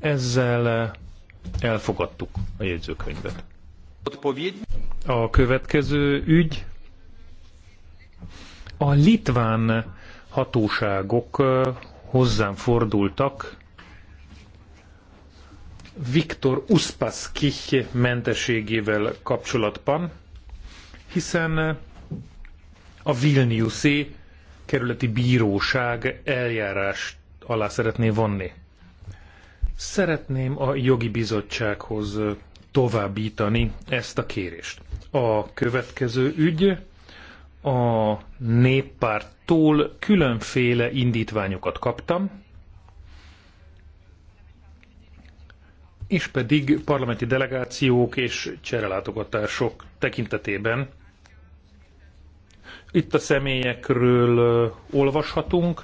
Ezzel eh, elfogadtuk a jegyzőkönyvet. A következő ügy a litván hatóságok eh, hozzám fordultak Viktor Uspaskich mentességével kapcsolatban, hiszen eh, a Vilniuszi kerületi bíróság eljárás alá szeretné vonni Szeretném a jogi bizottsághoz továbbítani ezt a kérést. A következő ügy a néppárttól különféle indítványokat kaptam, és pedig parlamenti delegációk és cserelátogatások tekintetében. Itt a személyekről olvashatunk,